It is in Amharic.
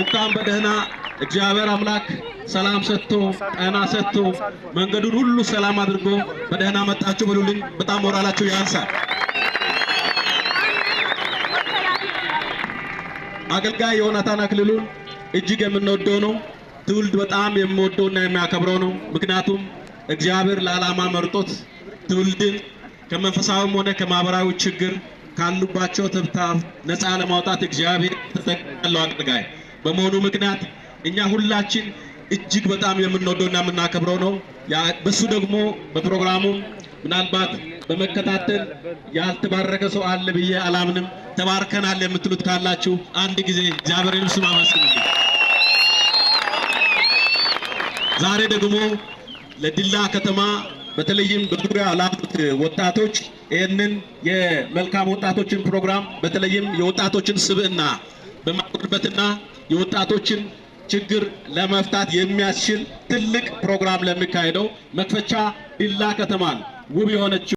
ኡቃም በደህና እግዚአብሔር አምላክ ሰላም ሰጥቶ ጤና ሰጥቶ መንገዱን ሁሉ ሰላም አድርጎ በደህና መጣችሁ ብሉልኝ። በጣም ሞራላችሁ ያንሳል። አገልጋይ ዮናታን አክሊሉን እጅግ የምንወደው ነው። ትውልድ በጣም የምወደውና የሚያከብረው ነው። ምክንያቱም እግዚአብሔር ለዓላማ መርጦት ትውልድን ከመንፈሳዊም ሆነ ከማህበራዊ ችግር ካሉባቸው ተብታ ነፃ ለማውጣት እግዚአብሔር ተጠቅሞ አገልጋይ በመሆኑ ምክንያት እኛ ሁላችን እጅግ በጣም የምንወደውና የምናከብረው ነው። በሱ ደግሞ በፕሮግራሙ ምናልባት በመከታተል ያልተባረከ ሰው አለ ብዬ አላምንም። ተባርከናል የምትሉት ካላችሁ አንድ ጊዜ እግዚአብሔርን ስም አመስግኑልኝ። ዛሬ ደግሞ ለዲላ ከተማ በተለይም በዙሪያ ላሉት ወጣቶች ይህንን የመልካም ወጣቶችን ፕሮግራም በተለይም የወጣቶችን ስብዕና በማጎልበትና የወጣቶችን ችግር ለመፍታት የሚያስችል ትልቅ ፕሮግራም ለሚካሄደው መክፈቻ ዲላ ከተማን ውብ የሆነችው